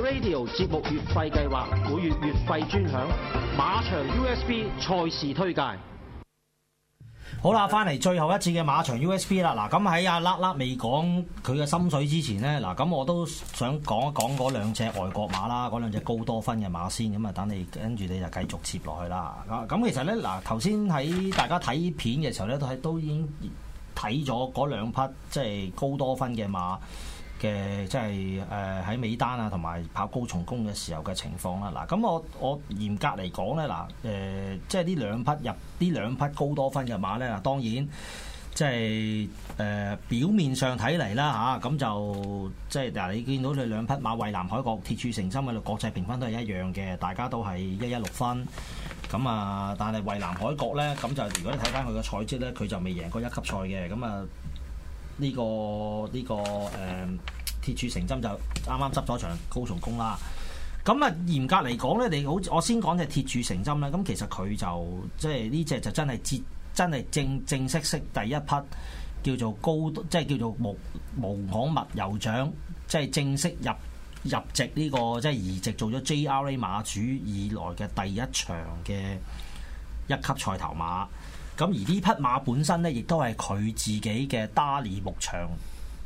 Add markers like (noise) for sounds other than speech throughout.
Radio 節目月費計劃，每月月費專享馬場 USB 賽事推介。好啦，翻嚟最後一次嘅馬場 USB 啦。嗱，咁喺阿粒粒未講佢嘅心水之前呢，嗱，咁我都想講一講嗰兩隻外國馬啦，嗰兩隻高多分嘅馬先。咁啊，等你跟住你就繼續接落去啦。咁其實呢，嗱，頭先喺大家睇片嘅時候呢，都係都已經睇咗嗰兩匹即係高多分嘅馬嘅即係誒喺尾單啊，同埋跑高重工嘅時候嘅情況啦，嗱，咁我我嚴格嚟講咧，嗱、呃、誒，即係呢兩匹入呢兩匹高多分嘅馬咧，嗱，當然即係誒、呃、表面上睇嚟啦嚇，咁、啊、就即係嗱，你見到佢兩匹馬蔚南海角鐵成國鐵柱成針嘅國際評分都係一樣嘅，大家都係一一六分，咁啊，但係蔚南海角咧，咁就如果你睇翻佢嘅賽績咧，佢就未贏過一級賽嘅，咁啊。呢、這個呢、這個誒嗯、鐵柱成針就啱啱執咗場高松宮啦。咁啊嚴格嚟講咧，你好我先講隻鐵柱成針啦。咁其實佢就即係呢隻就真係接真係正正式式第一匹叫做高即係叫做無無港物酋長，即係正式入入籍呢、這個即係移植做咗 JRA 馬主以來嘅第一場嘅一級賽頭馬。咁而呢匹馬本身咧，亦都係佢自己嘅 Darley 牧場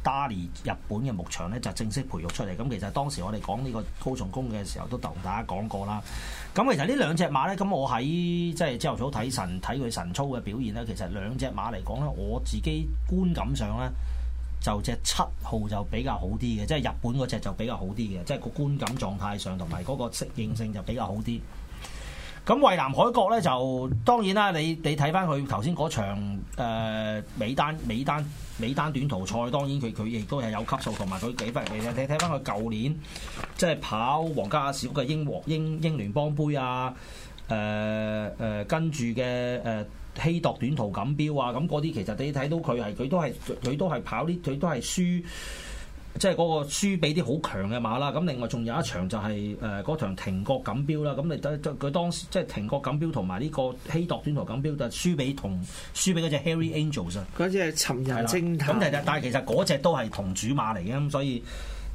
，Darley 日本嘅牧場咧就正式培育出嚟。咁其實當時我哋講呢個高重工嘅時候，都同大家講過啦。咁其實呢兩隻馬咧，咁我喺即係朝頭早睇神睇佢神操嘅表現咧，其實兩隻馬嚟講咧，我自己觀感上咧，就隻七號就比較好啲嘅，即係日本嗰隻就比較好啲嘅，即係個觀感狀態上同埋嗰個適應性就比較好啲。咁衛南海角咧就當然啦，你你睇翻佢頭先嗰場誒、呃、美丹美丹美丹短途賽，當然佢佢亦都係有級數，同埋佢幾分你睇翻佢舊年即係、就是、跑皇家小嘅英皇英英聯邦杯啊，誒、呃、誒、呃、跟住嘅誒希度短途錦標啊，咁嗰啲其實你睇到佢係佢都係佢都係跑啲佢都係輸。即係嗰個輸俾啲好強嘅馬啦，咁另外仲有一場就係誒嗰場停駒錦標啦，咁你佢當時即係、就係、停駒錦標同埋呢個希度短途錦標就輸俾同輸俾嗰隻 Harry Angels 啊、嗯，嗰隻尋日蒸騰咁，但係但係其實嗰隻都係同主馬嚟嘅，咁所以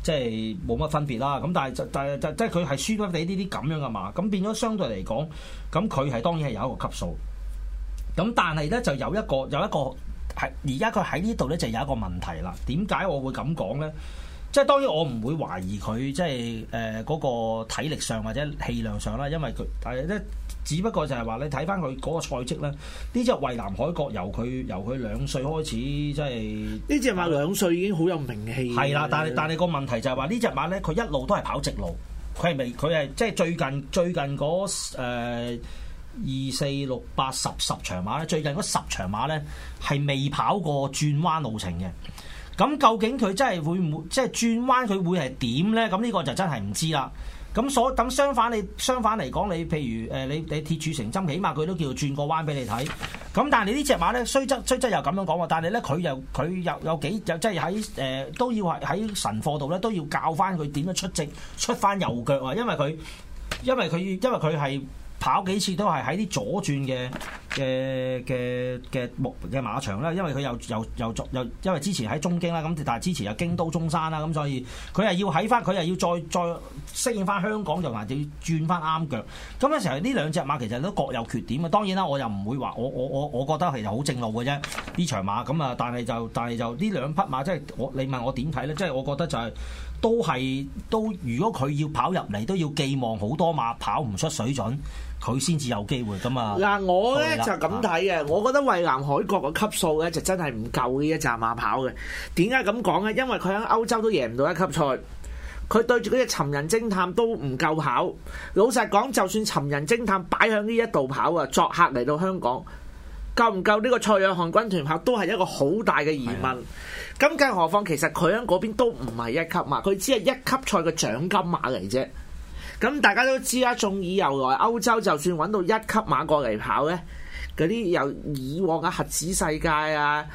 即係冇乜分別啦。咁但係但係即係佢係輸得俾呢啲咁樣嘅馬，咁變咗相對嚟講，咁佢係當然係有一個級數。咁但係咧就有一個有一個。係而家佢喺呢度咧就有一個問題啦。點解我會咁講咧？即係當然我唔會懷疑佢即係誒嗰個體力上或者氣量上啦，因為佢但係咧，只不過就係話你睇翻佢嗰個賽績啦。呢隻蔚藍海國由佢由佢兩歲開始，即係呢隻馬兩歲已經好有名氣。係啦，但係但係個問題就係話呢隻馬咧，佢一路都係跑直路，佢係咪佢係即係最近最近嗰、嗰個呃二四六八十十場馬咧，最近嗰十場馬咧係未跑過轉彎路程嘅。咁究竟佢真係會唔會即係轉彎？佢會係點咧？咁呢個就真係唔知啦。咁所咁相反，相反你你，你相反嚟講，你譬如誒，你你鐵柱成針，起碼佢都叫做轉個彎俾你睇。咁但係你隻呢隻馬咧，雖則雖則又咁樣講喎，但係咧佢又佢又有幾即係喺誒都要喺晨課度咧都要教翻佢點樣出直，出翻右腳啊！因為佢因為佢因為佢係。跑幾次都係喺啲左轉嘅嘅嘅嘅木嘅馬場啦，因為佢又又又又因為之前喺中京啦，咁但係之前有京都中山啦，咁所以佢係要喺翻，佢又要再再適應翻香港就話，要轉翻啱腳。咁嘅時候呢兩隻馬其實都各有缺點啊。當然啦，我又唔會話我我我我覺得其實好正路嘅啫呢場馬咁啊，但係就但係就呢兩匹馬即係我你問我點睇咧，即係我覺得就係。都係都，如果佢要跑入嚟，都要寄望好多馬跑唔出水準，佢先至有機會噶嘛。嗱，我呢了就咁睇嘅，啊、我覺得衛南海角個級數呢，就真係唔夠呢一揸馬跑嘅。點解咁講呢？因為佢喺歐洲都贏唔到一級賽，佢對住嗰隻尋人偵探都唔夠跑。老實講，就算尋人偵探擺喺呢一度跑啊，作客嚟到香港，夠唔夠呢個蔡約翰軍團跑都係一個好大嘅疑問。咁更何況，其實佢喺嗰邊都唔係一級馬，佢只係一級賽嘅獎金馬嚟啫。咁大家都知啦，從而由來歐洲，就算揾到一級馬過嚟跑呢，嗰啲由以往嘅核子世界啊，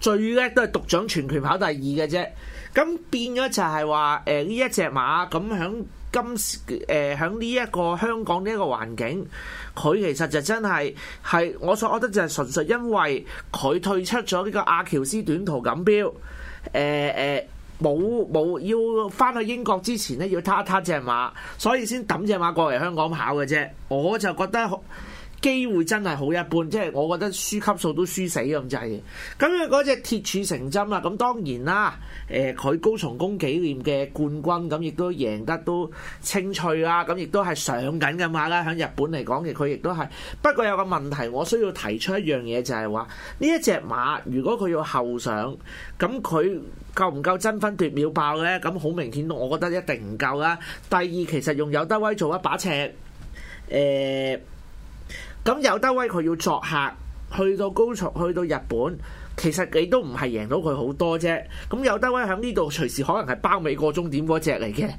最叻都係獨掌全權跑第二嘅啫。咁變咗就係話，誒、呃、呢一隻馬咁響。今時誒喺呢一個香港呢一個環境，佢其實就真係係我所覺得，就係純粹因為佢退出咗呢個阿喬斯短途錦標，誒誒冇冇要翻去英國之前咧，要撻一撻隻馬，所以先抌隻馬過嚟香港跑嘅啫，我就覺得。機會真係好一般，即係我覺得輸級數都輸死咁滯。咁啊、就是，嗰、那、隻、個、鐵柱成針啦，咁當然啦，誒、呃、佢高松宮紀念嘅冠軍，咁亦都贏得都清脆啦，咁亦都係上緊嘅馬啦。喺日本嚟講，亦佢亦都係。不過有個問題，我需要提出一樣嘢就係、是、話，呢一隻馬如果佢要後上，咁佢夠唔夠爭分奪秒爆呢？咁好明顯，我覺得一定唔夠啦。第二，其實用有得威做一把尺，誒、呃。咁有德威佢要作客去到高速去到日本，其實你都唔係贏到佢好多啫。咁有德威響呢度隨時可能係包尾過終點嗰隻嚟嘅，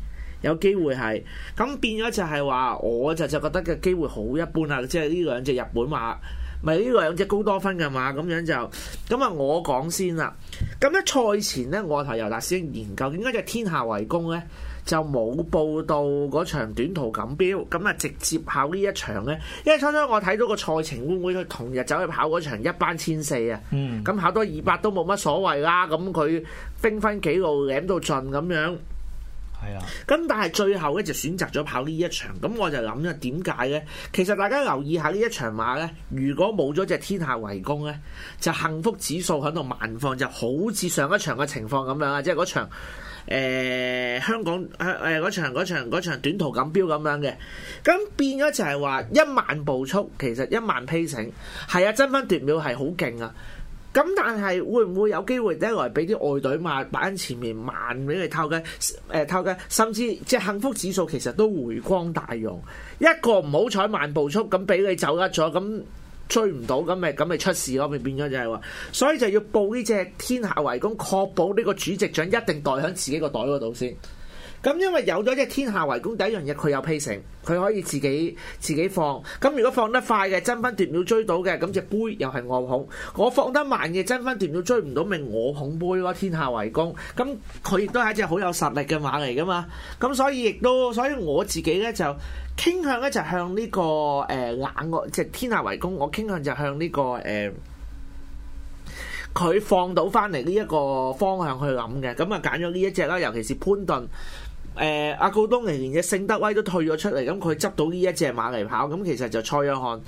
有機會係。咁變咗就係話，我就就覺得嘅機會好一般啦。即係呢兩隻日本馬，咪呢兩隻高多分嘅馬咁樣就，咁啊我講先啦。咁咧賽前呢，我台尤達師兄研究點解就天下圍攻呢？就冇報到嗰場短途錦標，咁啊直接跑呢一場呢，因為初初我睇到個賽程會唔會佢同日走去跑嗰場一班千四啊，咁跑、嗯、多二百都冇乜所謂啦，咁佢兵分幾路攬到盡咁樣，係，咁但係最後呢，就選擇咗跑呢一場，咁我就諗咗點解呢？其實大家留意下呢一場馬呢，如果冇咗隻天下圍攻呢，就幸福指數喺度慢放，就好似上一場嘅情況咁樣啊，即係嗰場。誒、呃、香港香誒嗰場短途錦標咁樣嘅，咁變咗就係話一萬步速，其實一萬 paces 係啊，爭分奪秒係好勁啊！咁但係會唔會有機會咧來俾啲外隊馬擺喺前面慢俾你偷嘅誒偷嘅，甚至即係幸福指數其實都回光返陽，一個唔好彩慢步速咁俾你走甩咗咁。追唔到，咁咪咁咪出事咯，咪變咗就係喎，所以就要報呢隻天下圍攻，確保呢個主席長一定袋喺自己個袋嗰度先。咁因為有咗隻天下圍攻第一樣嘢，佢有批成，佢可以自己自己放。咁如果放得快嘅，爭分奪秒追到嘅，咁隻杯又係我捧。我放得慢嘅，爭分奪秒追唔到，咪我捧杯咯。天下圍攻，咁佢亦都係一隻好有實力嘅馬嚟噶嘛。咁所以亦都，所以我自己咧就傾向咧就向呢個誒冷即係天下圍攻，我傾向就向呢個誒佢、呃、放到翻嚟呢一個方向去諗嘅。咁啊，揀咗呢一隻啦，尤其是潘頓。誒阿、呃、高東尼嘅聖德威都退咗出嚟，咁佢執到呢一隻馬嚟跑，咁、嗯、其實就蔡約翰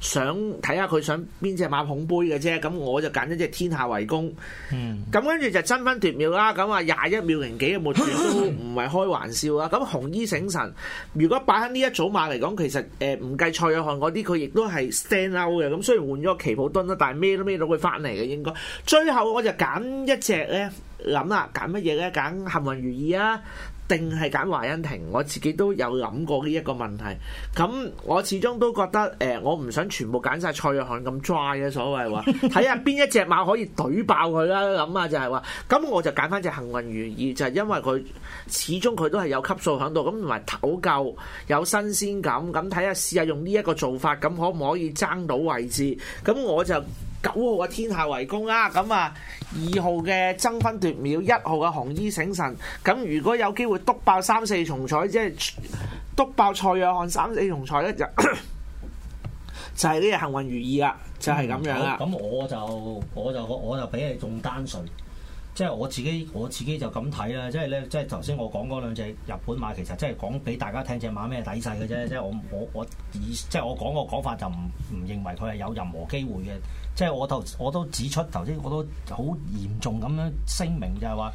想睇下佢想邊隻馬捧杯嘅啫。咁、嗯、我就揀一隻天下圍攻，咁、嗯嗯、跟住就爭分奪秒啦。咁啊廿一秒零幾嘅末段都唔係開玩笑啦。咁、嗯 (coughs) 嗯、紅衣醒神如果擺喺呢一組馬嚟講，其實誒唔、呃、計蔡約翰嗰啲，佢亦都係 stand out 嘅。咁、嗯、雖然換咗祈普敦啦，但係孭都孭到佢返嚟嘅，應該最後我就揀一隻咧諗啦，揀乜嘢咧？揀幸運如意啊！定係揀華欣庭，我自己都有諗過呢一個問題。咁我始終都覺得誒、呃，我唔想全部揀晒蔡約翰咁 dry 嘅所謂話，睇下邊一隻馬可以懟爆佢啦咁啊，就係話，咁我就揀翻隻幸運如意，而就係因為佢始終佢都係有級數響度，咁同埋唞夠有新鮮感，咁睇下試下用呢一個做法，咁可唔可以爭到位置？咁我就。九號嘅天下為公啦，咁啊二號嘅爭分奪秒，一號嘅紅衣醒神，咁如果有機會督爆三四重彩，即係督爆蔡約翰三四重彩咧，就 (coughs) 就係呢個幸運如意啦，就係、是、咁樣啦。咁、嗯、我就我就我就比你仲單純。即係我自己，我自己就咁睇啦。即係咧，即係頭先我講嗰兩隻日本馬，其實即係講俾大家聽隻馬咩底勢嘅啫。即係我我我以即係我講個講法就唔唔認為佢係有任何機會嘅。即係我頭我都指出頭先我都好嚴重咁樣聲明就，就係話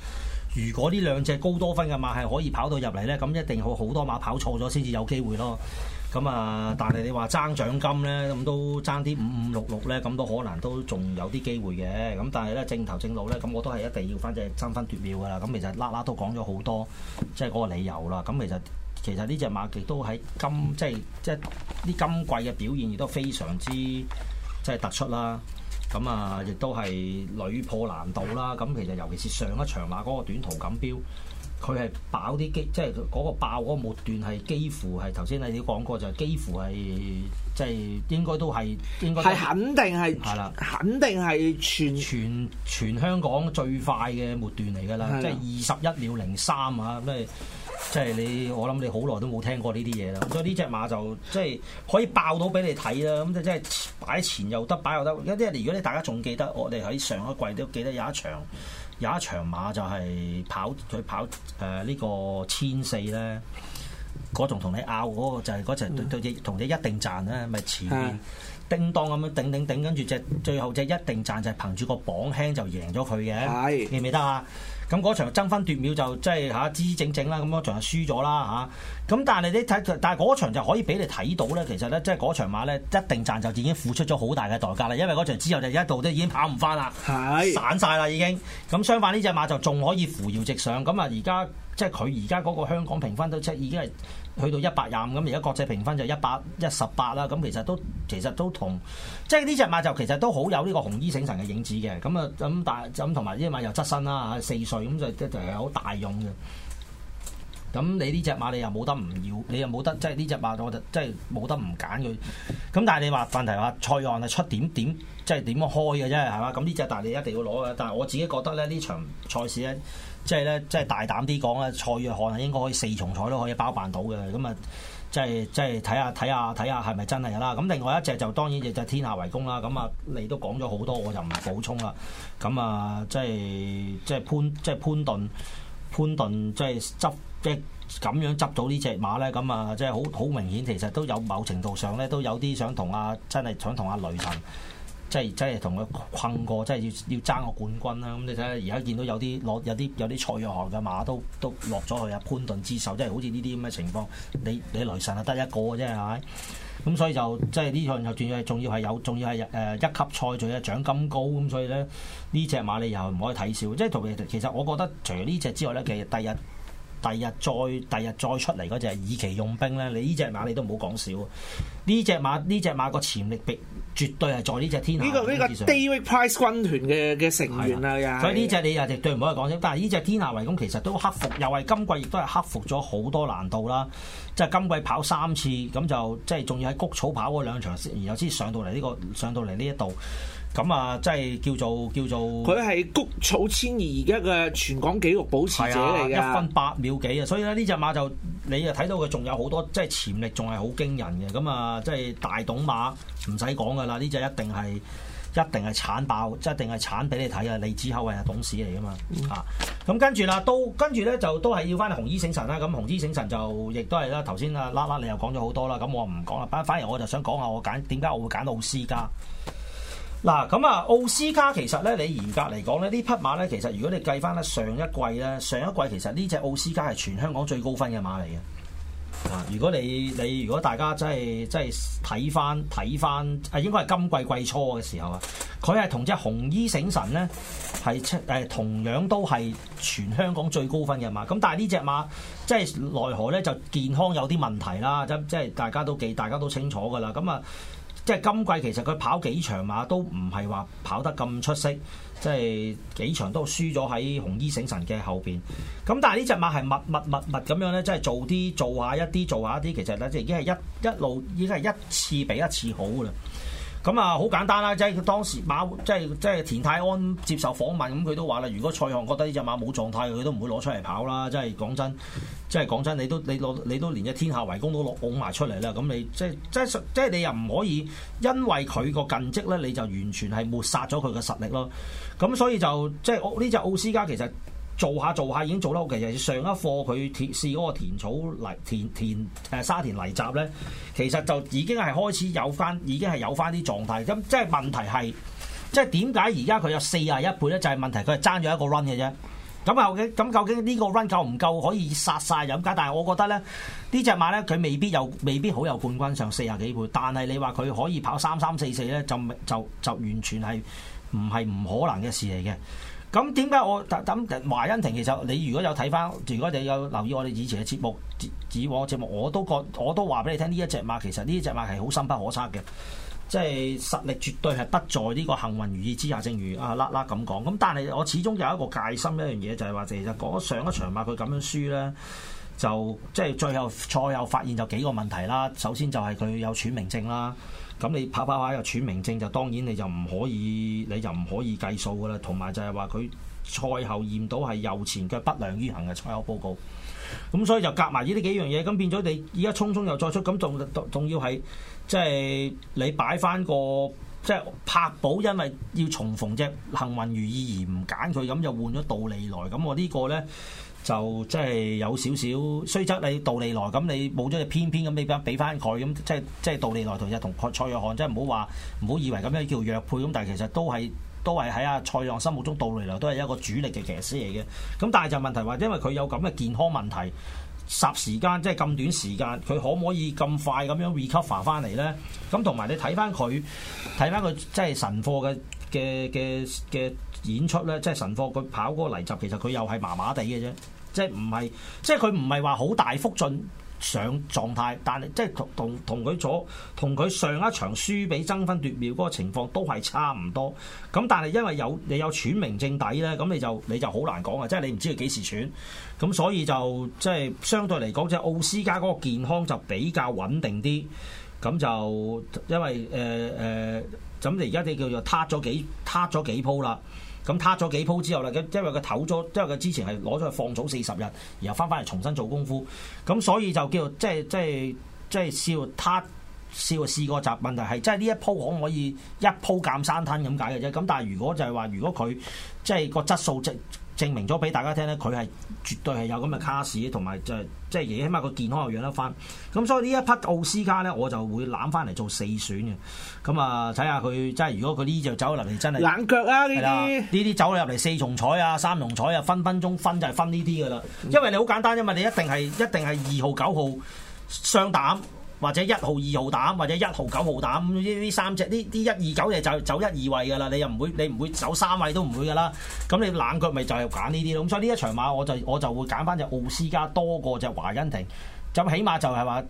如果呢兩隻高多分嘅馬係可以跑到入嚟咧，咁一定好好多馬跑錯咗先至有機會咯。咁啊、嗯！但係你話爭獎金咧，咁都爭啲五五六六咧，咁都可能都仲有啲機會嘅。咁但係咧，正頭正路咧，咁我都係一定要翻隻爭分奪秒㗎啦。咁、嗯、其實啦啦都講咗好多，即係嗰個理由啦。咁、嗯、其實其實呢隻馬亦都喺今即係即係呢今季嘅表現亦都非常之即係突出啦。咁、嗯、啊，亦都係屢破難度啦。咁、嗯、其實尤其是上一場嗱嗰個短途錦標。佢係爆啲激，即係嗰個爆嗰個末段係幾乎係頭先你啲講過就係、幾乎係即係應該都係，應該係肯定係係啦，的肯定係全全全香港最快嘅末段嚟㗎啦，即係二十一秒零三啊！咩？即係你我諗你好耐都冇聽過呢啲嘢啦，所以呢隻馬就即係可以爆到俾你睇啦。咁即真係擺前又得，擺又得。因為如果你大家仲記得，我哋喺上一季都記得有一場。有一場馬就係跑佢跑誒呢、呃呢個千四咧，嗰仲同你拗嗰個就係嗰場對隻同隻一定賺咧，咪前面叮當咁樣頂頂頂，跟住隻最後隻一,一定賺就係憑住個磅輕就贏咗佢嘅，記唔記得啊？咁嗰場爭分奪秒就即係支整整啦，咁樣仲係輸咗啦嚇。啊。咁但係你睇，但係嗰場就可以俾你睇到咧。其實咧，即係嗰場馬咧，一定賺就已經付出咗好大嘅代價啦。因為嗰場之後就一度都已經跑唔返啦，散晒啦已經。咁、嗯、相反呢隻馬就仲可以扶搖直上。咁、嗯、啊，而家即係佢而家嗰個香港評分都即已經係去到一百廿五。咁而家國際評分就一百一十八啦。咁、嗯、其實都其實都同即係呢隻馬就其實都好有呢個紅衣醒神嘅影子嘅。咁啊咁大咁同埋呢隻馬又側身啦四歲咁就即係好大用嘅。咁你呢隻馬你又冇得唔要，你又冇得即係呢隻馬我就即係冇得唔揀佢。咁但係你話問題話蔡約翰係出點點即係點樣開嘅啫？係係嘛？咁呢隻但係你一定要攞嘅。但係我自己覺得咧呢場賽事咧即係咧即係大膽啲講啦，蔡約翰係應該可以四重彩都可以包辦到嘅。咁啊即係即係睇下睇下睇下係咪真係啦？咁另外一隻就當然就就天下為公天下圍攻啦。咁啊你都講咗好多，我就唔補充啦。咁啊即係即係潘，即係潘頓潘頓即係執。即係咁樣執到呢隻馬咧，咁啊，即係好好明顯。其實都有某程度上咧，都有啲想同阿真係想同阿雷神即係即係同佢困過，即係要要爭個冠軍啦。咁你睇下而家見到有啲攞有啲有啲蔡約翰嘅馬都都落咗去啊。潘頓之手即係好似呢啲咁嘅情況，你你雷神係得一個嘅，即係咪咁？所以就即係呢樣又仲要係仲要係有，仲要係誒一級賽仲要獎金高咁，所以咧呢隻馬你又唔可以睇小。即係特別其實，我覺得除咗呢隻之外咧，其實第二日。第日,日再第日,日再出嚟嗰隻以奇用兵咧，你呢隻馬你都唔好講少。呢隻馬呢隻馬個潛力，別絕對係在呢隻天下。下呢、這個呢個 David Price 嘅嘅成員啊，的是所以呢隻你又絕對唔好去講少。但係呢隻天下圍，咁其實都克服又係今季，亦都係克服咗好多難度啦。即、就、係、是、今季跑三次咁就即係仲要喺谷草跑嗰兩場，先然後先上到嚟呢、這個上到嚟呢一度。咁啊，即係叫做叫做，佢係谷草千二而家嘅全港紀錄保持者嚟噶，一、啊、分八秒幾啊！所以咧呢隻馬就你又睇到佢仲有好多即係潛力，仲係好驚人嘅。咁啊，即係大董馬唔使講噶啦，呢隻一定係一定係鏟爆，即係一定係鏟俾你睇、嗯、啊。利子厚係董事嚟噶嘛？啊，咁跟住啦，都跟住咧就都係要翻紅衣聖神啦。咁、嗯、紅衣聖神就亦都係啦。頭先啊啦啦，你又講咗好多啦，咁我唔講啦。反反而我就想講下我揀點解我會揀奧斯加。嗱咁啊，奧斯卡其實咧，你嚴格嚟講咧，呢匹馬咧，其實如果你計翻咧上一季咧，上一季其實呢隻奧斯卡係全香港最高分嘅馬嚟嘅。啊，如果你你如果大家真係真係睇翻睇翻，啊、就是、應該係今季季初嘅時候啊，佢係同隻紅衣醒神咧係誒同樣都係全香港最高分嘅馬。咁但係、就是、呢隻馬即係奈何咧，就健康有啲問題啦，即即係大家都記大家都清楚㗎啦。咁啊～即係今季其實佢跑幾場馬都唔係話跑得咁出色，即係幾場都輸咗喺紅衣醒神嘅後邊。咁但係呢隻馬係密密密密咁樣咧，即係做啲做下一啲做下一啲，其實咧即係已經係一一路已經係一次比一次好㗎啦。咁啊，好簡單啦，即係佢當時馬，即係即係田泰安接受訪問，咁佢都話啦，如果蔡生覺得呢隻馬冇狀態，佢都唔會攞出嚟跑啦。即係講真，即係講真，你都你攞你都連一天下圍攻都攞拱埋出嚟啦。咁你即係即係即係你又唔可以因為佢個近績咧，你就完全係抹殺咗佢嘅實力咯。咁所以就即係呢隻奧斯卡其實。做下做下已經做得好。其實上一課佢試嗰個田草泥田田誒沙田泥集咧，其實就已經係開始有翻，已經係有翻啲狀態。咁、嗯、即係問題係，即係點解而家佢有四十一倍咧？就係、是、問題，佢係爭咗一個 run 嘅啫。咁、嗯、究竟咁、嗯、究竟呢個 run 夠唔夠可以殺晒？飲解。但係我覺得咧，隻馬呢隻馬咧佢未必有，未必好有冠軍上四十幾倍，但係你話佢可以跑三三四四咧，就就就完全係唔係唔可能嘅事嚟嘅。咁點解我咁人華欣庭？其實你如果有睇翻，如果你有留意我哋以前嘅節目，以往嘅節目，我都覺我都話俾你聽，呢一隻馬其實呢一隻馬係好深不可測嘅，即係實力絕對係不在呢個幸運如意之下，正如阿 LakLak 咁講。咁但係我始終有一個戒心一樣嘢，就係話其實嗰上一場馬佢咁樣輸咧。就即係最後賽後發現就幾個問題啦，首先就係佢有喘鳴症啦，咁你跑跑下有喘鳴症就當然你就唔可以，你就唔可以計數噶啦，同埋就係話佢賽後驗到係右前腳不良於行嘅賽後報告，咁所以就夾埋呢啲幾樣嘢，咁變咗你而家匆匆又再出，咁仲仲要係即係你擺翻個即係、就是、柏寶，因為要重逢啫，幸運如意而唔揀佢，咁就換咗杜利萊，咁我呢個咧。就即係有少少，雖則你杜利來咁你冇咗隻偏偏咁，你俾俾翻佢咁，即係即係杜利來同日同蔡約翰，即係唔好話唔好以為咁樣叫弱配咁，但係其實都係都係喺阿蔡約翰心目中，杜利來都係一個主力嘅騎師嚟嘅。咁但係就問題話，因為佢有咁嘅健康問題，霎時間即係咁短時間，佢可唔可以咁快咁樣 recover 翻嚟咧？咁同埋你睇翻佢，睇翻佢即係神貨嘅嘅嘅嘅。演出咧，即係神科佢跑嗰個泥集，其實佢又係麻麻地嘅啫，即係唔係，即係佢唔係話好大幅進上狀態，但係即係同同同佢左同佢上一場輸比爭分奪秒嗰個情況都係差唔多，咁但係因為有你有，有喘鳴正底咧，咁你就你就好難講啊，即係你唔知佢幾時喘，咁所以就即係相對嚟講，即係奧斯加嗰個健康就比較穩定啲，咁就因為誒誒，咁你而家你叫做撻咗幾撻咗幾鋪啦。咁撻咗幾鋪之後啦，因為佢唞咗，因為佢之前係攞咗去放早四十日，然後翻翻嚟重新做功夫，咁所以就叫做即係即係即係試過撻，試過試過集問題係即係呢一鋪可唔可以一鋪減山吞咁解嘅啫？咁但係如果就係話，如果佢即係個質素即證明咗俾大家聽咧，佢係絕對係有咁嘅卡士，同埋就係即係嘢，起碼個健康又養得翻。咁所以呢一匹奧斯卡咧，我就會攬翻嚟做四選嘅。咁啊，睇下佢即係如果佢呢隻走入嚟，真係冷腳啊！呢啲呢啲走入嚟四重彩啊，三重彩啊，分分鐘分就係分呢啲噶啦。因為你好簡單啫嘛，因為你一定係一定係二號九號雙膽。或者一號、二號膽，或者一號、九號膽，呢啲三隻，呢啲一二九隻就走一二位噶啦，你又唔會，你唔會走三位都唔會噶啦。咁你冷腳咪就係揀呢啲咯。咁所以呢一場馬我，我就我就會揀翻隻奧斯加多過隻華欣庭，咁起碼就係話。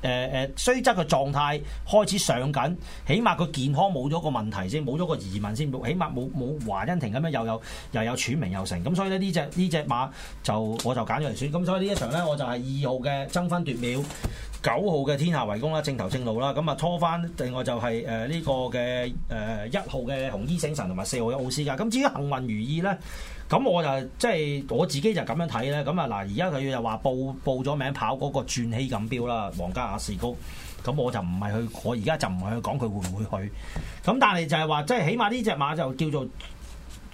誒誒雖則嘅狀態開始上緊，起碼佢健康冇咗個問題先，冇咗個疑問先，起碼冇冇華欣庭咁樣又又又有處名又成，咁所以咧呢隻呢隻馬就我就揀咗嚟選，咁所以呢一場咧我就係二號嘅爭分奪秒，九號嘅天下圍攻啦，正頭正路啦，咁啊拖翻，另外就係誒呢個嘅誒一號嘅紅衣聖神同埋四號嘅奧斯噶，咁至於幸運如意咧。咁我就即係、就是、我自己就咁樣睇咧，咁啊嗱，而家佢又話報報咗名跑嗰個鑽禧錦標啦，皇家亞士谷。咁我就唔係去，我而家就唔係去講佢會唔會去，咁但係就係話即係起碼呢隻馬就叫做。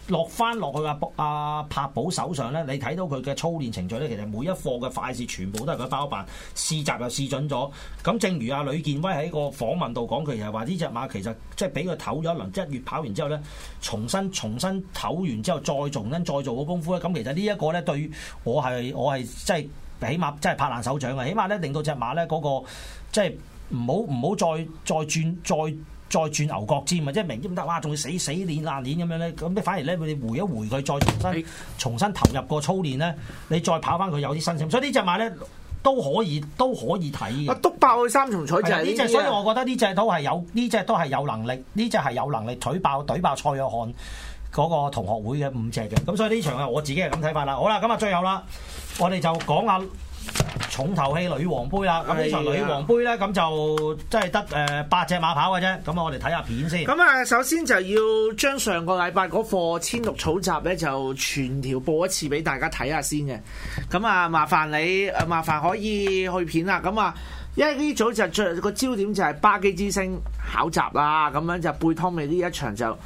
落翻落去阿阿、啊、柏寶手上咧，你睇到佢嘅操練程序咧，其實每一課嘅快事全部都係佢包辦，試習又試準咗。咁正如阿、啊、呂健威喺個訪問度講，佢就話呢隻馬其實即係俾佢唞咗一輪，一月跑完之後咧，重新重新唞完之後再重新再做個功夫咧。咁其實呢一個咧對於我係我係即係起碼即係拍爛手掌嘅，起碼咧令到隻馬咧嗰、那個即係唔好唔好再再轉再。再再轉再再轉牛角尖嘛，即係明知唔得，哇，仲要死死練、硬練咁樣咧，咁你反而咧，佢哋回一回佢，再重新、重新投入個操練咧，你再跑翻佢有啲新鮮，所以隻呢隻馬咧都可以，都可以睇嘅。篤、啊、爆佢三重彩就係呢隻，所以我覺得呢隻都係有，呢隻都係有能力，呢隻係有能力腿爆、篤爆蔡約翰。嗰個同學會嘅五隻嘅，咁所以呢場啊，我自己係咁睇法啦。好啦，咁啊，最後啦，我哋就講下重頭戲女皇盃啦。咁、哎、呀呢場女皇盃咧，咁就真係得誒八隻馬跑嘅啫。咁啊，我哋睇下片先。咁啊，首先就要將上個禮拜嗰課千六草集》咧，就全條播一次俾大家睇下先嘅。咁啊，麻煩你，麻煩可以去片啦。咁啊，因為呢組就最、嗰個焦點就係巴基之星考集啦，咁樣就貝湯美呢一場就。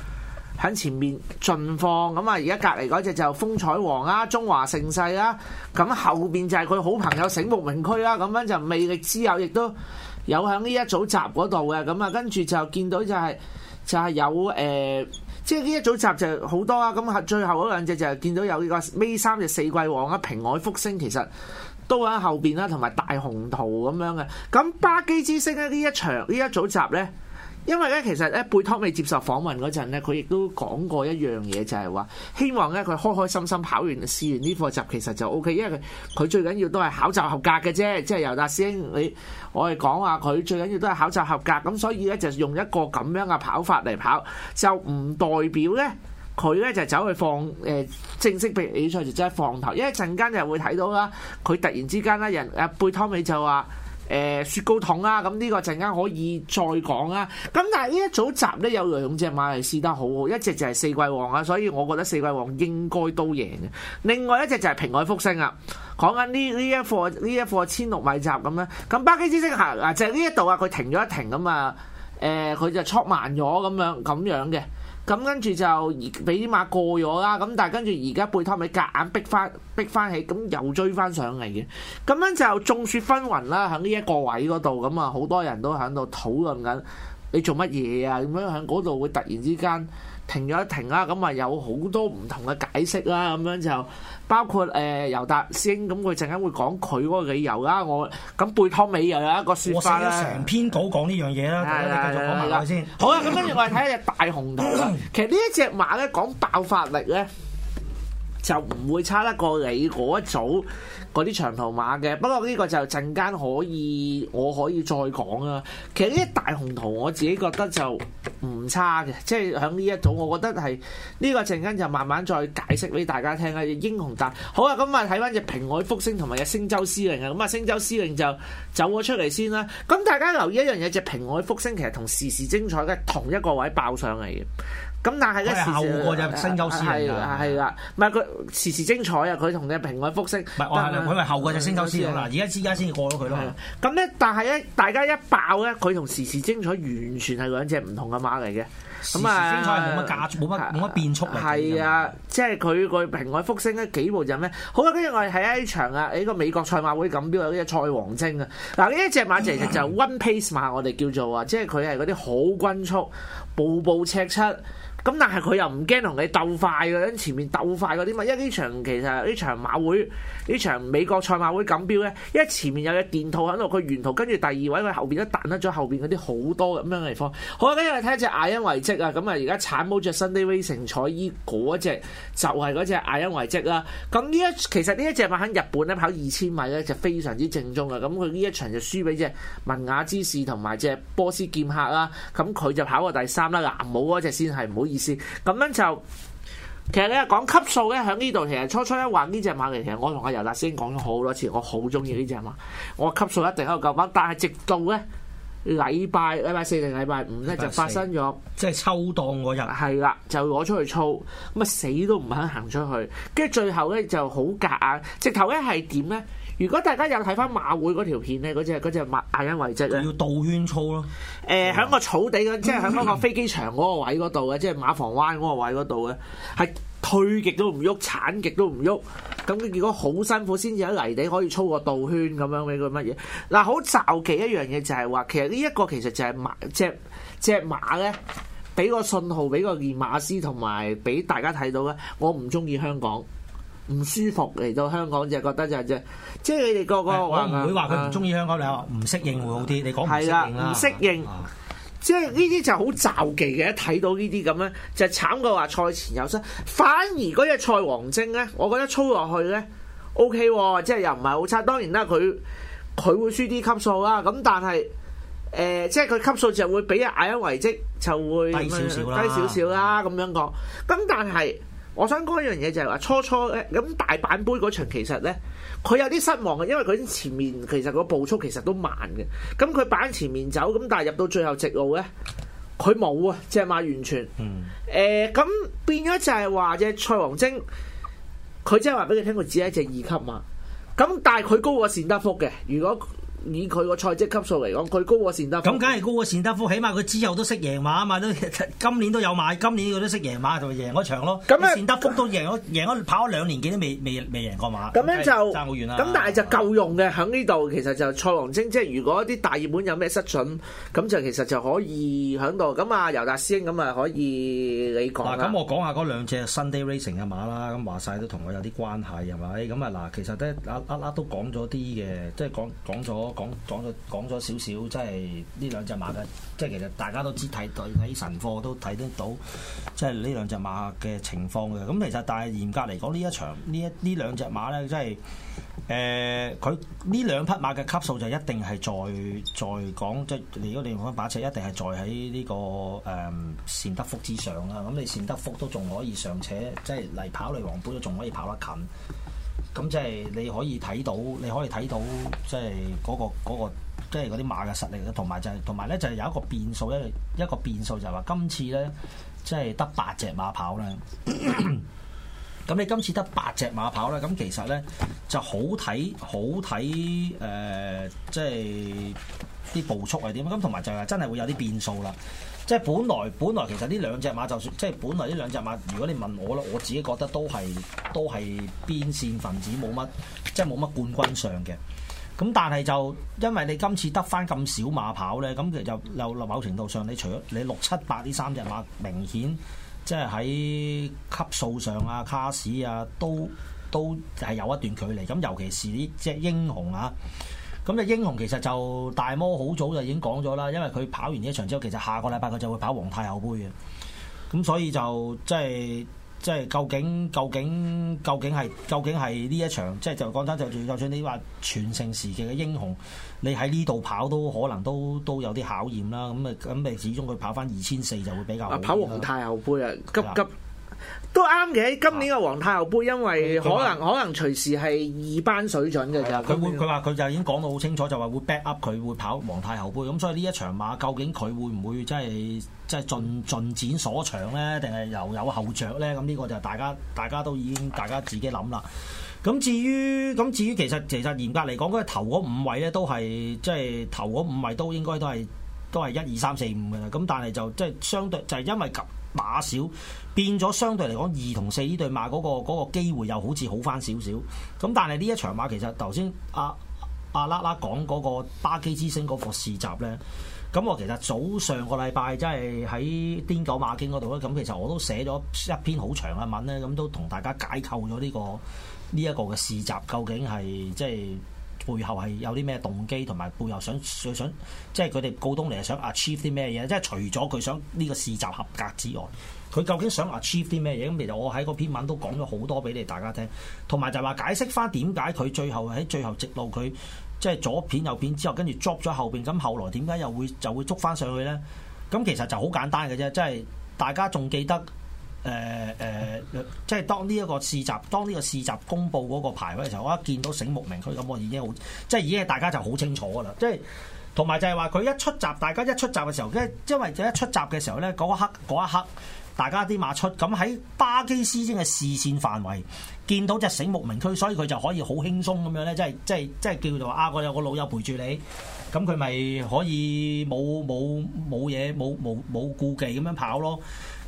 喺前面進放咁啊，而家隔離嗰隻就風彩王啊、中華盛世啊，咁後邊就係佢好朋友醒目名區啦。咁樣就魅力之友，亦都有喺呢一組集嗰度嘅。咁啊，跟住就見到就係、是、就係、是、有誒，即係呢一組集就好多啦。咁最後嗰兩隻就見到有呢個尾三隻四季王啊、平海福星，其實都喺後邊啦，同埋大紅桃咁樣嘅。咁巴基之星咧，呢一場呢一組集呢。因為咧，其實咧，貝湯美接受訪問嗰陣咧，佢亦都講過一樣嘢，就係話希望咧，佢開開心心跑完試完呢個集，其實就 O K。因為佢佢最緊要都係考就合格嘅啫，即係由尤達師兄你我哋講話，佢最緊要都係考就合格。咁所以咧，就用一個咁樣嘅跑法嚟跑，就唔代表咧佢咧就走去放誒、呃、正式比賽就真係放頭，因為陣間就會睇到啦。佢突然之間啦，人誒貝湯美就話。誒、呃、雪糕筒啊，咁、這、呢個陣間可以再講啊。咁但係呢一組集咧有兩隻馬嚟試得好，好，一隻就係四季王啊，所以我覺得四季王應該都贏嘅。另外一隻就係平海福星啊，講緊呢呢一貨呢一貨千六米集咁、啊、咧。咁巴基之星啊，就係呢一度啊，佢停咗一停咁啊，誒、呃、佢就縮慢咗咁樣咁樣嘅。咁跟住就俾啲馬過咗啦。咁但係跟住而家背托咪夾硬逼翻逼翻起，咁又追翻上嚟嘅。咁樣就眾說紛紜啦，喺呢一個位嗰度，咁啊好多人都喺度討論緊你做乜嘢啊？咁樣喺嗰度會突然之間。停咗一停啦，咁啊有好多唔同嘅解釋啦，咁樣就包括、呃、尤達師兄，咁佢陣間會講佢嗰個理由啦。我咁背託尾又有一個説法啦。我寫咗成篇稿講呢樣嘢啦，我哋、嗯嗯嗯嗯、繼續講係咪先？嗯嗯嗯、好啦、啊，咁跟住我哋睇一隻大紅牛。嗯嗯、其實呢一隻馬咧，講爆發力咧，就唔會差得過你嗰一組。嗰啲長途馬嘅，不過呢個就陣間可以我可以再講啊。其實呢啲大紅圖我自己覺得就唔差嘅，即係響呢一度我覺得係呢、呢個陣間就慢慢再解釋俾大家聽啦。英雄達好啊，咁啊睇翻隻平海福星同埋隻星洲司令啊，咁啊星洲司令就走咗出嚟先啦。咁大家留意一樣嘢，隻平海福星其實同時時精彩嘅同一個位爆上嚟嘅。咁但係咧，佢係後就過隻星週師嘅，係啦，唔係佢時時精彩啊！佢同隻平海福星，唔係我係啦，佢係、哦、後就升過隻星週師啦。而家依家先過咗佢咯。咁咧，但係咧，大家一爆咧，佢同時時精彩完全係兩隻唔同嘅馬嚟嘅。時時精彩冇乜價值，冇乜冇乜變速。係啊，即係佢個平海福星咧幾步就咩？好啦，跟住我哋睇一場啊！呢個美國賽馬會錦標有呢隻賽王精啊！嗱，呢一隻馬其實就 one pace 馬，我哋叫做啊，即係佢係嗰啲好均速、步步赤七。咁但係佢又唔驚同你鬥快嘅，前面鬥快嗰啲嘛，因為呢場其實呢場馬會呢場美國賽馬會錦標咧，因為前面有隻電兔喺度，佢沿途跟住第二位，佢後邊都彈得咗後邊嗰啲好多咁樣嘅地方。好啦，跟住我哋睇一隻艾欣維積啊，咁啊而家產母 j Sunday Racing 彩衣嗰隻就係嗰隻艾欣維積啦。咁呢一其實呢一隻馬喺日本咧跑二千米咧就非常之正宗嘅，咁佢呢一場就輸俾隻文雅之士同埋隻波斯劍客啦。咁佢就跑過第三啦，牙冇嗰隻先係冇。意思咁樣就，其實你係講級數咧，喺呢度其實初初一買呢隻馬嚟，其實我同阿尤達先講咗好多次，我好中意呢隻馬，我級數一定喺度夠返，但係直到咧禮拜禮拜四定禮拜五咧就發生咗，即係抽檔嗰日，係啦，就攞出去操，咁啊死都唔肯行出去，跟住最後咧就好夾硬，直頭咧係點咧？如果大家有睇翻馬會嗰條片咧，嗰隻隻馬亞欣為質，要倒圈操咯。誒、呃，喺個、嗯、草地即係喺嗰個飛機場嗰個位嗰度嘅，嗯、即係馬房灣嗰個位嗰度嘅，係退極都唔喐，鏟極都唔喐，咁你結果好辛苦先至喺泥地可以操個倒圈咁樣俾佢乜嘢？嗱、那個，好詬其一樣嘢就係話，其實呢一個其實就係馬隻隻馬咧，俾個信號，俾個練馬師同埋俾大家睇到咧，我唔中意香港。唔舒服，嚟到香港就覺得就即、是、係，即、就、係、是、你哋個個我唔會話佢唔中意香港，嗯、你話唔適應會好啲。你講唔適唔適應，嗯、即係呢啲就好詐奇嘅。一睇到呢啲咁樣，就是、慘過話賽前有失。反而嗰隻蔡黃精咧，我覺得操落去咧 OK、哦、即係又唔係好差。當然啦，佢佢會輸啲級數啦。咁但係誒、呃，即係佢級數就會比亞一為績就會低少少啦，低咁樣講。咁但係。我想講一樣嘢，就係話初初咧，咁大阪杯嗰場其實咧，佢有啲失望嘅，因為佢前面其實個步速其實都慢嘅，咁佢板前面走，咁但係入到最後直路咧，佢冇啊，即係馬完全，誒咁、嗯呃、變咗就係話隻蔡王晶，佢即係話俾你聽，佢只係一隻二級馬。咁但係佢高過善德福嘅，如果。以佢個賽績級數嚟講，佢高過善德福。咁梗係高過善德福，起碼佢之後都識贏馬啊嘛！都吉右今年都有買，今年佢都識贏馬，就贏咗場咯。咁噤 195 善德福都贏咗，贏咗跑咗兩年幾都未未未，未贏過馬。咁樣就爭好遠啦。咁但係就夠用嘅，喺呢度其實就蔡王晶，即係如果啲大熱門有咩失準，咁就其實就可以喺度。咁啊，尤達師兄咁啊，可以你講啦。咁我講下嗰兩隻 Sunday Racing 嘅馬啦。咁話晒都同我有啲關係係咪？咁啊嗱，其實都阿阿拉都講咗啲嘅，即係講講咗。講講咗講咗少少，即係呢兩隻馬嘅，即係其實大家都知睇睇神貨都睇得到，即係呢兩隻馬嘅情況嘅。咁其實，但係嚴格嚟講，呢一場呢一呢兩隻馬咧，即係誒佢呢兩匹馬嘅級數就一定係在在，在講，即係如果你用翻把尺，一定係在喺呢個誒、嗯、善德福之上啦。咁你善德福都仲可以尚且，即係嚟跑嚟黃埔都仲可以跑得近。咁即係你可以睇到，你可以睇到即係嗰個嗰個，即係嗰啲馬嘅實力同埋就係同埋咧就係有一個變數咧，一個變數就係話今次咧即係得八隻馬跑咧。 (coughs) 咁你今次得八隻馬跑咧，咁其實呢就好睇，好睇誒、呃，即係啲步速係點啊？咁同埋就係真係會有啲變數啦。即係本來本來其實呢兩隻馬就算，即係本來呢兩隻馬，如果你問我咯，我自己覺得都係都係邊線分子，冇乜即係冇乜冠軍上嘅。咁但係就因為你今次得返咁少馬跑呢，咁其實就，某程度上，你除咗你六七八呢三隻馬明顯。即係喺級數上啊，卡士啊，都都係有一段距離。咁尤其是啲即英雄啊，咁嘅英雄其實就大魔好早就已經講咗啦。因為佢跑完呢場之後，其實下個禮拜佢就會跑皇太后杯嘅。咁所以就即係，就是即係究竟究竟究竟係究竟係呢一場，即係就講真，就就算你話全盛時期嘅英雄，你喺呢度跑都可能都都有啲考驗啦。咁、嗯、啊，咁咪始終佢跑翻二千四就會比較、啊、跑皇太后杯啊，急急，急都啱嘅。今年嘅皇太后杯因為可能可能隨時係二班水準嘅。佢佢話佢就已經講到好清楚，就話會 back up 佢會跑皇太后杯。咁所以呢一場馬究竟佢會唔會真係？即係進進展所長咧，定係又有後着咧？咁、這、呢個就大家大家都已經大家自己諗啦。咁至於咁至於其實其實嚴格嚟講，嗰頭嗰五位咧都係即係頭嗰五位都應該都係都係一二三四五嘅啦。咁但係就即係、就是、相對就係、是、因為及馬少變咗，相對嚟講二同四呢對馬嗰、那個嗰、那個機會又好似好翻少少。咁但係呢一場馬其實頭先阿阿拉拉講嗰、那個巴基之星嗰個試閘咧。咁我其實早上個禮拜即係喺癲狗馬經嗰度咧，咁其實我都寫咗一篇好長嘅文咧，咁都同大家解構咗呢個呢一個嘅試閘，究竟係即係背後係有啲咩動機，同埋背後想想想，即係佢哋告東尼係想 achieve 啲咩嘢？即係除咗佢想呢個試閘合格之外，佢究竟想 achieve 啲咩嘢？咁其實我喺嗰篇文都講咗好多俾你大家聽，同埋就話解釋翻點解佢最後喺最後直路佢。即係左片右片之後，跟住捉咗後邊，咁後來點解又會就會捉翻上去咧？咁其實就好簡單嘅啫，即係大家仲記得誒誒、呃，即係當呢一個試閘，當呢個試閘公佈嗰個排位嘅時候，我一見到醒目名佢咁，我已經好，即係已經大家就好清楚嘅啦。即係同埋就係話佢一出閘，大家一出閘嘅時候，因為因為一出閘嘅時候咧，嗰一刻嗰一刻，大家啲馬出咁喺巴基之星嘅視線範圍。見到隻醒目名駒，所以佢就可以好輕鬆咁樣咧，即係即係即係叫做啊我有個老友陪住你，咁佢咪可以冇冇冇嘢冇冇冇顧忌咁樣跑咯。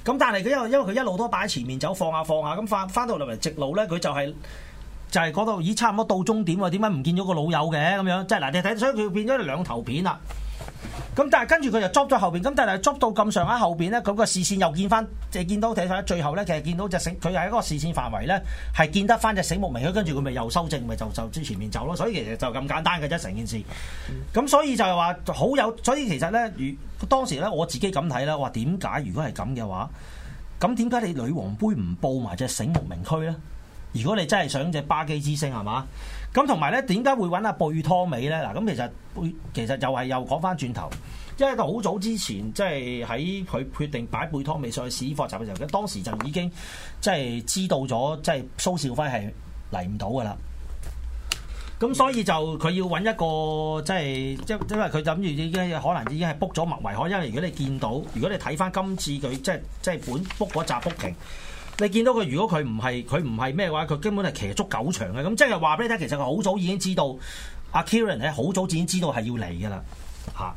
咁但係佢因為因為佢一路都擺喺前面走，放下放下，咁翻翻到嚟直路咧，佢就係就係嗰度，咦差唔多到終點喎，點解唔見咗個老友嘅咁樣？即係嗱你睇，所以佢變咗兩頭片啦。咁但係跟住佢就捉咗後邊，咁但係捉到咁上下後邊咧，嗰個視線又見翻，即係見到睇翻最後咧，其實見到隻醒，佢喺一個視線範圍咧，係見得翻隻醒目名區，跟住佢咪又修正，咪就就之前面走咯。所以其實就咁簡單嘅啫，成件事。咁、嗯嗯、所以就係話好有，所以其實咧，當時咧我自己咁睇啦，話點解如果係咁嘅話，咁點解你女皇盃唔報埋隻醒目名區咧？如果你真係想隻巴基之星，係嘛？咁同埋咧，點解會揾阿貝托美咧？嗱，咁其實其實又係又講翻轉頭，因為好早之前，即係喺佢決定擺貝托美上去試課集嘅時候，佢當時就已經即係、就是、知道咗，即、就、係、是、蘇少輝係嚟唔到噶啦。咁所以就佢要揾一個即係，即、就是、因為佢諗住已經可能已經係 book 咗麥維海，因為如果你見到，如果你睇翻今次佢即即本 book 嗰集 book 停。你見到佢如果佢唔係佢唔係咩嘅話，佢根本係騎足九場嘅，咁即係話俾你聽，其實佢好早已經知道阿 Kieran 咧，好早已經知道係要嚟嘅啦，嚇、啊！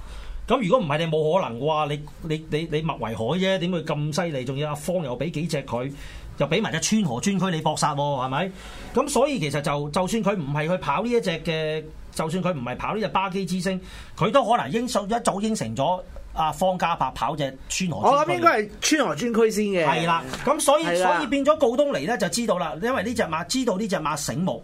咁如果唔係你冇可能嘅話，你你你你麥維海啫，點會咁犀利？仲要阿方又俾幾隻佢，又俾埋一隻川河專區你搏殺喎、哦，係咪？咁所以其實就就算佢唔係去跑呢一隻嘅，就算佢唔係跑呢隻巴基之星，佢都可能應索一早應承咗。啊！方嘉柏跑隻川河，我諗應該係川河專區、哦、先嘅。係啦，咁所以的所以變咗告東尼咧，就知道啦，因為呢隻馬知道呢隻馬醒目。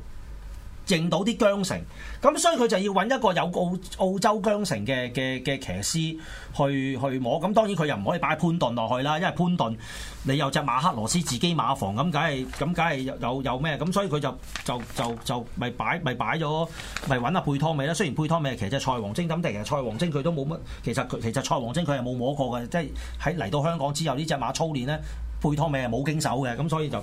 應到啲疆城，咁所以佢就要揾一個有澳澳洲疆城嘅嘅嘅騎師去去摸，咁當然佢又唔可以擺潘頓落去啦，因為潘頓你有隻馬克羅斯自己馬房咁，梗係咁梗係有有咩，咁所以佢就就就就咪擺咪擺咗咪揾阿貝湯美啦。雖然貝湯美其實係蔡王晶，咁但係蔡王晶佢都冇乜，其實其實蔡王晶佢係冇摸過嘅，即係喺嚟到香港之後呢隻馬操練咧，貝湯美係冇經手嘅，咁所以就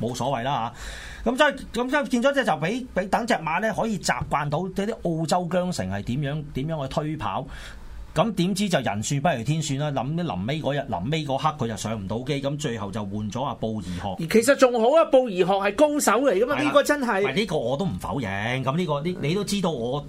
冇所謂啦嚇。咁所以咁所以見咗即就俾俾等隻馬咧可以習慣到啲澳洲疆城係點樣點樣去推跑，咁點知就人算不如天算啦！諗臨尾嗰日臨尾嗰刻佢就上唔到機，咁最後就換咗阿布而學。而其實仲好啊，布而學係高手嚟噶嘛？呢個真係。呢個我都唔否認，咁呢個啲你都知道我。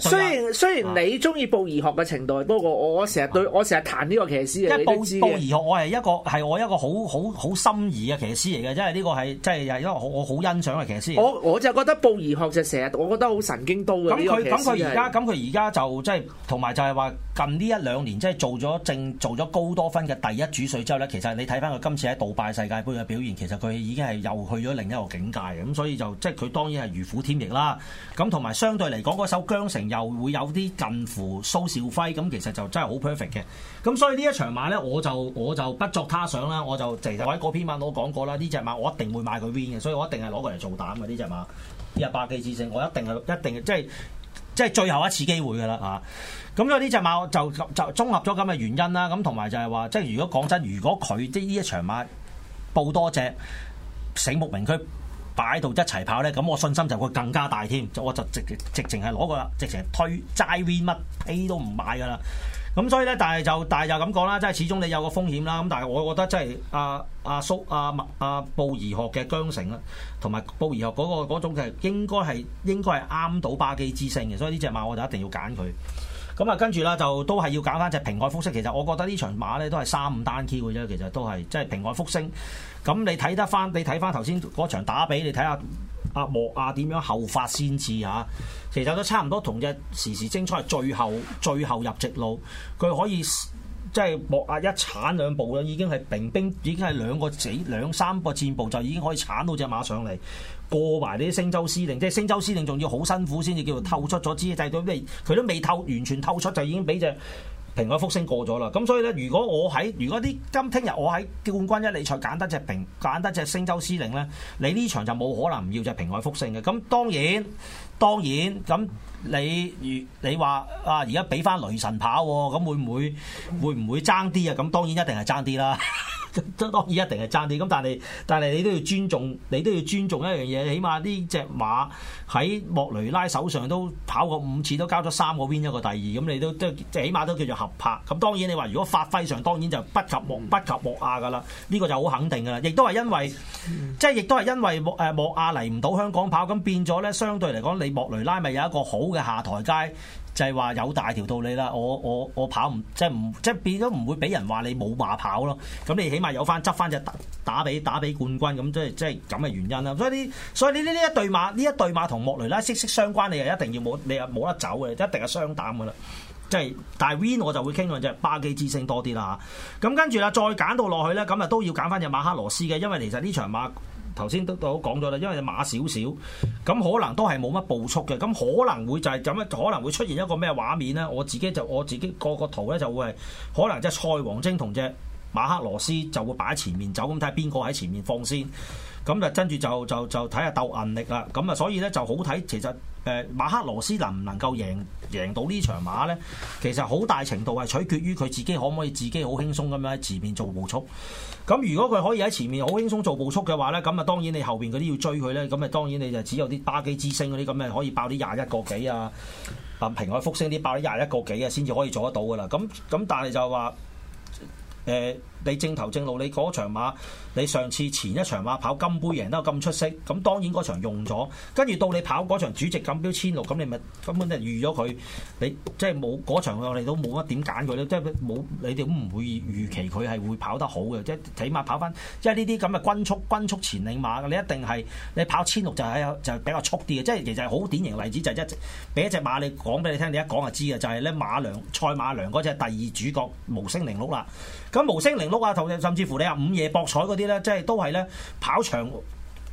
雖然雖然你中意布而學嘅程度不多過我，成日對我成日彈呢個騎師嘅，你都知嘅。布布而學，我係一個係我一個好好好心儀嘅騎師嚟嘅，因為呢個係即係因為我好欣賞嘅騎師。我我就覺得布而學就成日，我覺得好神經刀咁，佢咁佢而家咁佢而家就即係同埋就係話近呢一兩年即係做咗正做咗高多芬嘅第一主帥之後呢，其實你睇翻佢今次喺杜拜世界盃嘅表現，其實佢已經係又去咗另一個境界，咁所以就即係佢當然係如虎添翼啦。咁同埋相對嚟講，嗰首姜。又會有啲近乎蘇少輝咁，其實就真係好 perfect 嘅。咁所以呢一場馬咧，我就我就不作他想啦。我就其實喺嗰篇文我都講過啦，呢隻馬我一定會買佢 win 嘅，所以我一定係攞過嚟做膽嘅呢隻馬，一百幾支勝，我一定係一定即係即係最後一次機會噶啦嚇。咁所以呢隻馬就就，就綜合咗咁嘅原因啦。咁同埋就係話，即係如果講真，如果佢即呢一場馬報多隻醒目名區。擺喺度一齊跑咧，咁我信心就會更加大添。就我就直直直情係攞個啦，直情推齋 V 乜 A 都唔買噶啦。咁所以咧，但係就但係就咁講啦，即係始終你有個風險啦。咁但係我覺得即係阿阿叔阿阿布而學嘅江城啦，同埋布而學嗰個嗰種係應該係應該係啱到巴基之星嘅，所以呢隻馬我就一定要揀佢。咁啊，跟住啦，就都係要揀翻隻平外復式。其實我覺得呢場馬呢，都係三五單 K 嘅啫。其實都係即係平外復星。咁你睇得翻，你睇翻頭先嗰場打比，你睇下阿莫亞點樣後發先至嚇。其實都差唔多同隻時時精彩。嚟，最後最後入直路，佢可以。即係莫亞一剷兩步啦，已經係平兵，已經係兩個子兩三個箭步就已經可以剷到隻馬上嚟，過埋啲星州司令，即係星州司令仲要好辛苦先至叫做透出咗支。但係都未，佢都未透完全透出就已經俾隻平海福星過咗啦。咁所以咧，如果我喺如果啲今聽日我喺冠軍一哩賽揀得隻平，揀得隻星州司令咧，你呢場就冇可能唔要隻平海福星嘅。咁當然。當然，咁你如你話啊，而家俾翻雷神跑，咁會唔會會唔會爭啲啊？咁當然一定係爭啲啦。 (laughs) 都當然一定係爭啲咁，但係但係你都要尊重，你都要尊重一樣嘢，起碼呢隻馬喺莫雷拉手上都跑過五次，都交咗三個 win 一個第二，咁你都都即起碼都叫做合拍。咁當然你話如果發揮上當然就不及莫不及莫，不及莫亞噶啦，呢、呢個就好肯定噶啦。亦都係因為、嗯、即係亦都係因為莫誒、呃、莫亞嚟唔到香港跑，咁變咗咧，相對嚟講你莫雷拉咪有一個好嘅下台階。就係話有大條道理啦，我我我跑唔即係唔即係變咗唔會俾人話你冇馬跑咯。咁你起碼有翻執翻隻打打俾打俾冠軍咁，即係即係咁嘅原因啦。所以啲所以呢呢呢一對馬呢一對馬同莫雷拉息息相關，你又一定要冇你又冇得走嘅，一定係雙膽嘅啦。即、就、係、是、但係 win 我就會傾向，就係巴基之星多啲啦咁跟住啦，再揀到落去咧，咁啊都要揀翻隻馬克羅斯嘅，因為其實呢場馬。頭先都都講咗啦，因為馬少少，咁可能都係冇乜步速嘅，咁可能會就係咁樣，可能會出現一個咩畫面咧？我自己就我自己個個圖咧就會係，可能即係賽王晶同隻馬克羅斯就會擺喺前面走，咁睇下邊個喺前面放先。咁就跟住就就就睇下鬥韌力啦，咁啊所以咧就好睇，其實誒馬克羅斯能唔能夠贏贏到呢場馬咧？其實好大程度係取決於佢自己可唔可以自己好輕鬆咁樣喺前面做步速。咁如果佢可以喺前面好輕鬆做步速嘅話咧，咁啊當然你後邊嗰啲要追佢咧，咁啊當然你就只有啲巴基之星嗰啲咁嘅可以爆啲廿一個幾啊，平海福星啲爆啲廿一個幾啊，先至可以做得到噶啦。咁咁但係就話誒。欸你正頭正路，你嗰場馬，你上次前一場馬跑金杯贏得咁出色。咁當然嗰場用咗，跟住到你跑嗰場主席錦標千六，咁你咪根本都係預咗佢，你即係冇嗰場我哋都冇乜點揀佢，即係冇你哋都唔會預期佢係會跑得好嘅，即係起碼跑翻，即係呢啲咁嘅均速均速前領馬，你一定係你跑千六就係就係比較速啲嘅，即係其實係好典型例子，就係一俾一隻馬你講俾你聽，你一講就知嘅，就係咧馬良賽馬良嗰隻第二主角無聲零六啦，咁無聲零六。啊！甚至乎你啊，午夜博彩嗰啲咧，即係都係咧跑長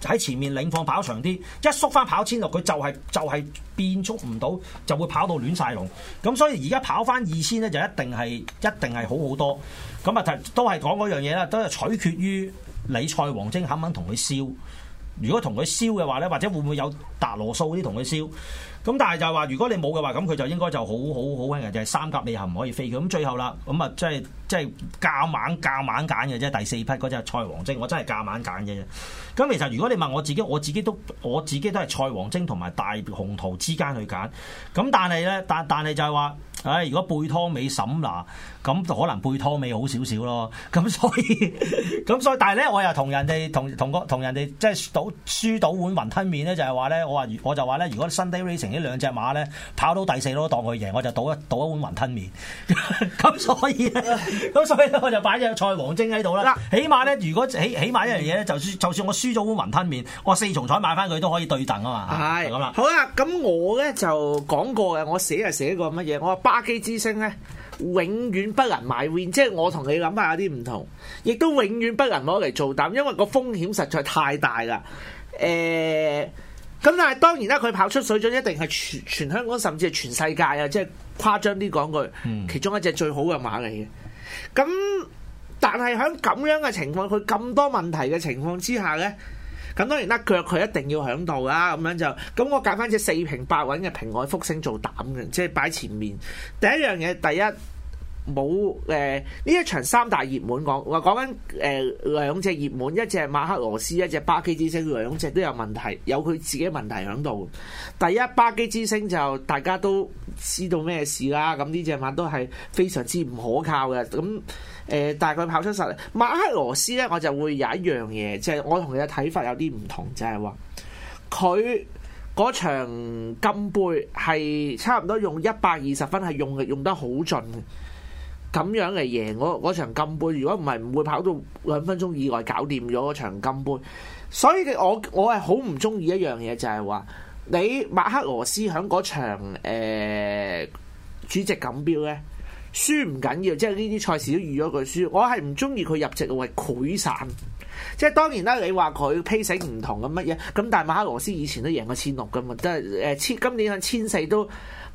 喺前面領放跑長啲，一縮翻跑千六，佢就係就係變速唔到，就會跑到亂晒龍。咁所以而家跑翻二千咧，就一定係一定係好好多。咁啊，都係講嗰樣嘢啦，都係取決於你賽王精肯唔肯同佢燒。如果同佢燒嘅話咧，或者會唔會有達羅素嗰啲同佢燒？咁但係就係話，如果你冇嘅話，咁佢就應該就好好好輕嘅，就係三甲你又唔可以飛嘅。咁最後啦，咁啊，即係。即係夾硬夾硬揀嘅啫，第四匹嗰隻係蔡王晶，我真係夾硬揀嘅啫。咁其實如果你問我自己，我自己都我自己都係蔡王晶同埋大紅桃之間去揀。咁但係咧，但但係就係話，唉、哎，如果背湯尾沈拿，咁就可能背湯尾好少少咯。咁所以咁所以，但係咧，我又同人哋同同個同人哋即係賭輸賭碗雲吞麵咧，就係話咧，我話我就話咧，如果 Sunday Racing 呢兩隻馬咧跑到第四都當佢贏，我就賭一賭一碗雲吞麵。咁 (laughs) 所以。 (laughs) 咁所以咧，我就擺隻菜王精喺度啦。嗱了，起碼咧，如果起起碼一樣嘢咧，就算就算我輸咗碗雲吞麵，我四重彩買翻佢都可以對等啊嘛。係咁啦。好啦，咁我咧就講過嘅，我寫啊寫過乜嘢？我話巴基之星咧，永遠不能買 win，即係我同你諗下有啲唔同，亦都永遠不能攞嚟做膽，因為個風險實在太大啦。誒、欸，咁但係當然啦，佢跑出水準，一定係全全香港甚至係全世界啊！即係誇張啲講句，嗯、其中一隻最好嘅馬嚟嘅。咁，但係喺咁樣嘅情況，佢咁多問題嘅情況之下呢，咁當然甩腳，佢一定要喺度啊，咁樣就，咁我揀翻隻四平八穩嘅平安福星做膽嘅，即係擺前面。第一樣嘢，第一。冇誒，呢一場三大熱門講話講緊誒兩隻熱門，一隻馬克羅斯，一隻巴基之星，兩隻都有問題，有佢自己問題喺度。第一巴基之星就大家都知道咩事啦，咁呢隻馬都係非常之唔可靠嘅。咁、嗯、誒，呃、大概跑出實力。馬克羅斯呢，我就會有一樣嘢，就係、是、我同佢嘅睇法有啲唔同，就係話佢嗰場金杯係差唔多用一百二十分，係用用得好盡。咁樣嚟贏我嗰場金杯，如果唔係唔會跑到兩分鐘以外搞掂咗嗰場金杯。所以我我係好唔中意一樣嘢，就係話你馬克羅斯喺嗰場、呃、主席錦標呢，輸唔緊要，即係呢啲賽事都預咗佢輸。我係唔中意佢入席為攰散。即係當然啦，你話佢披死唔同嘅乜嘢咁，但係馬克羅斯以前都贏過千六㗎嘛，即係誒今年喺千四都，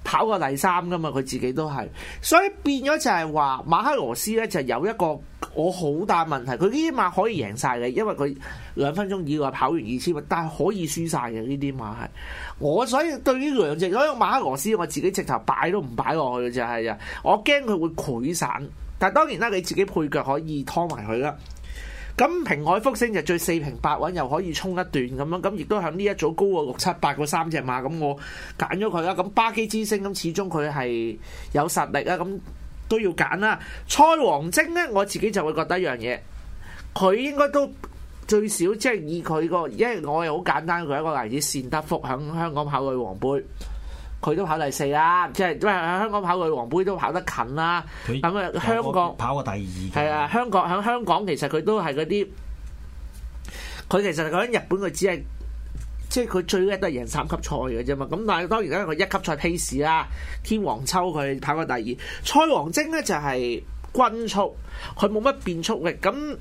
跑個第三㗎嘛，佢自己都係，所以變咗就係話馬克羅斯咧就有一個我好大問題，佢呢啲馬可以贏晒嘅，因為佢兩分鐘以外跑完二千米，但係可以輸晒嘅呢啲馬係。我所以對呢兩隻，所以馬克羅斯我自己直頭擺都唔擺落去嘅就係啊，我驚佢會攰散。但係當然啦，你自己配腳可以拖埋佢啦。咁平海福星就最四平八穩又可以衝一段咁樣，咁亦都喺呢一組高過六七八嗰三隻馬，咁我揀咗佢啦。咁巴基之星咁始終佢係有實力啊，咁都要揀啦。蔡王晶呢，我自己就會覺得一樣嘢，佢應該都最少即係以佢個，因為我又好簡單，佢一個例子，善德福喺香港考嘅皇杯。佢都跑第四啦、啊，即係都喺香港跑佢皇盃都跑得近啦、啊。咁港啊，香港，香港跑過第二。係啊，香港喺香港其實佢都係嗰啲，佢其實喺日本佢只係，即係佢最叻都係贏三級賽嘅啫嘛。咁但係當然啦，佢一級賽 pacer 啦，天皇秋佢跑過第二。賽王晶呢就係均速，佢冇乜變速力。咁。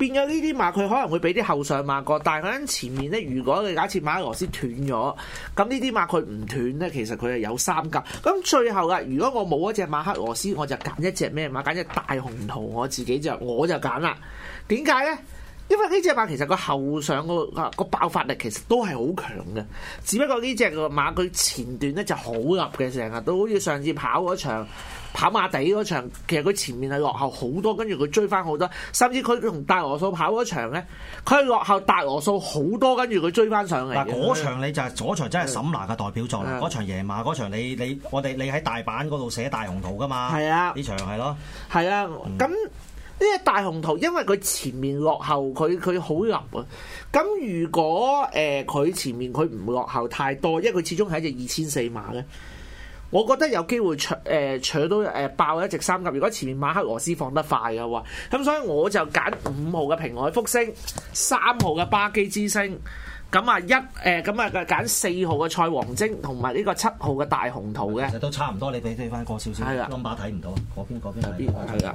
變咗呢啲馬，佢可能會俾啲後上馬過，但係響前面咧，如果你假設馬克羅斯斷咗，咁呢啲馬佢唔斷咧，其實佢係有三格。咁最後啊，如果我冇一隻馬克羅斯，我就揀一隻咩馬？揀隻大紅桃，我自己就我就揀啦。點解咧？因為呢隻馬其實個後上個個個爆發力其實都係好強嘅，只不過呢隻個馬佢前段咧就好弱嘅，成日都好似上次跑嗰場。跑馬地嗰場，其實佢前面係落後好多，跟住佢追翻好多，甚至佢同大羅素跑嗰場咧，佢落後大羅素好多，跟住佢追翻上嚟。嗱，嗰場你就係、是，嗰、那個、場真係沈拿嘅代表作啦。嗰的場夜馬，嗰、那個、場你你，你我哋你喺大阪嗰度寫大雄圖噶嘛？係啊的，呢場係咯，係啊的。咁呢隻大雄圖，因為佢前面落後，佢佢好入啊。咁如果誒佢、呃、前面佢唔落後太多，因為佢始終係一隻二千四馬咧。我覺得有機會搶誒搶到誒、呃、爆一隻三甲，如果前面馬克羅斯放得快嘅話，咁所以我就揀五號嘅平海福星，三號嘅巴基之星。咁啊，一誒咁啊，個、呃、揀四號嘅蔡王晶同埋呢個七號嘅大紅圖嘅，其實都差唔多，你比對翻過少少，number 睇唔到的啊，嗰邊嗰邊邊係。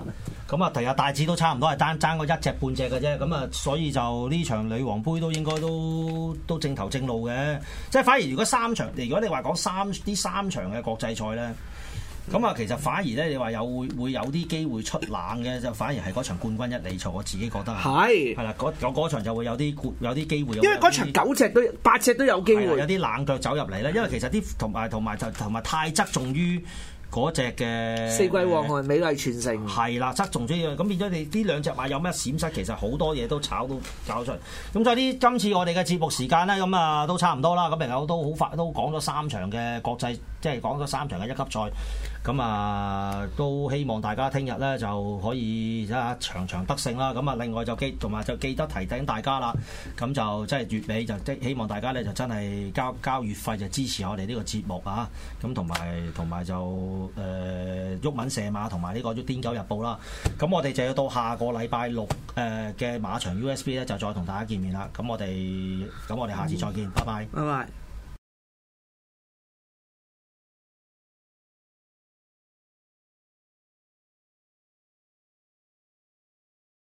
咁啊，提下大致都差唔多，係單爭個一隻半隻嘅啫。咁啊，所以就呢場女皇盃都應該都都正頭正路嘅。即係反而如果三場，如果你話講三呢三場嘅國際賽咧。咁啊，嗯、其實反而咧，你話有會會有啲機會出冷嘅，就反而係嗰場冠軍一哩賽，我自己覺得係係啦，嗰是場就會有啲有啲機會，因為嗰場九隻都八隻都有機會，有啲冷腳走入嚟咧。因為其實啲同埋同埋同埋太側重於嗰隻嘅四季旺美麗傳承，係啦，側重於咁變咗你呢兩隻馬有咩閃失，其實好多嘢都炒到搞出嚟。咁所以啲今次我哋嘅節目時間咧，咁啊都差唔多啦。咁朋友都好快都講咗三場嘅國際。即係講咗三場嘅一級賽，咁啊都希望大家聽日咧就可以一場場得勝啦。咁啊另外就記同埋就記得提醒大家啦。咁就即係月尾就即希望大家咧就真係交交月費就支持我哋呢個節目啊。咁同埋同埋就誒喐文射馬同埋呢個《癲狗日報》啦。咁我哋就要到下個禮拜六誒嘅馬場 USB 咧就再同大家見面啦。咁我哋咁我哋下次再見，拜拜、嗯，拜拜。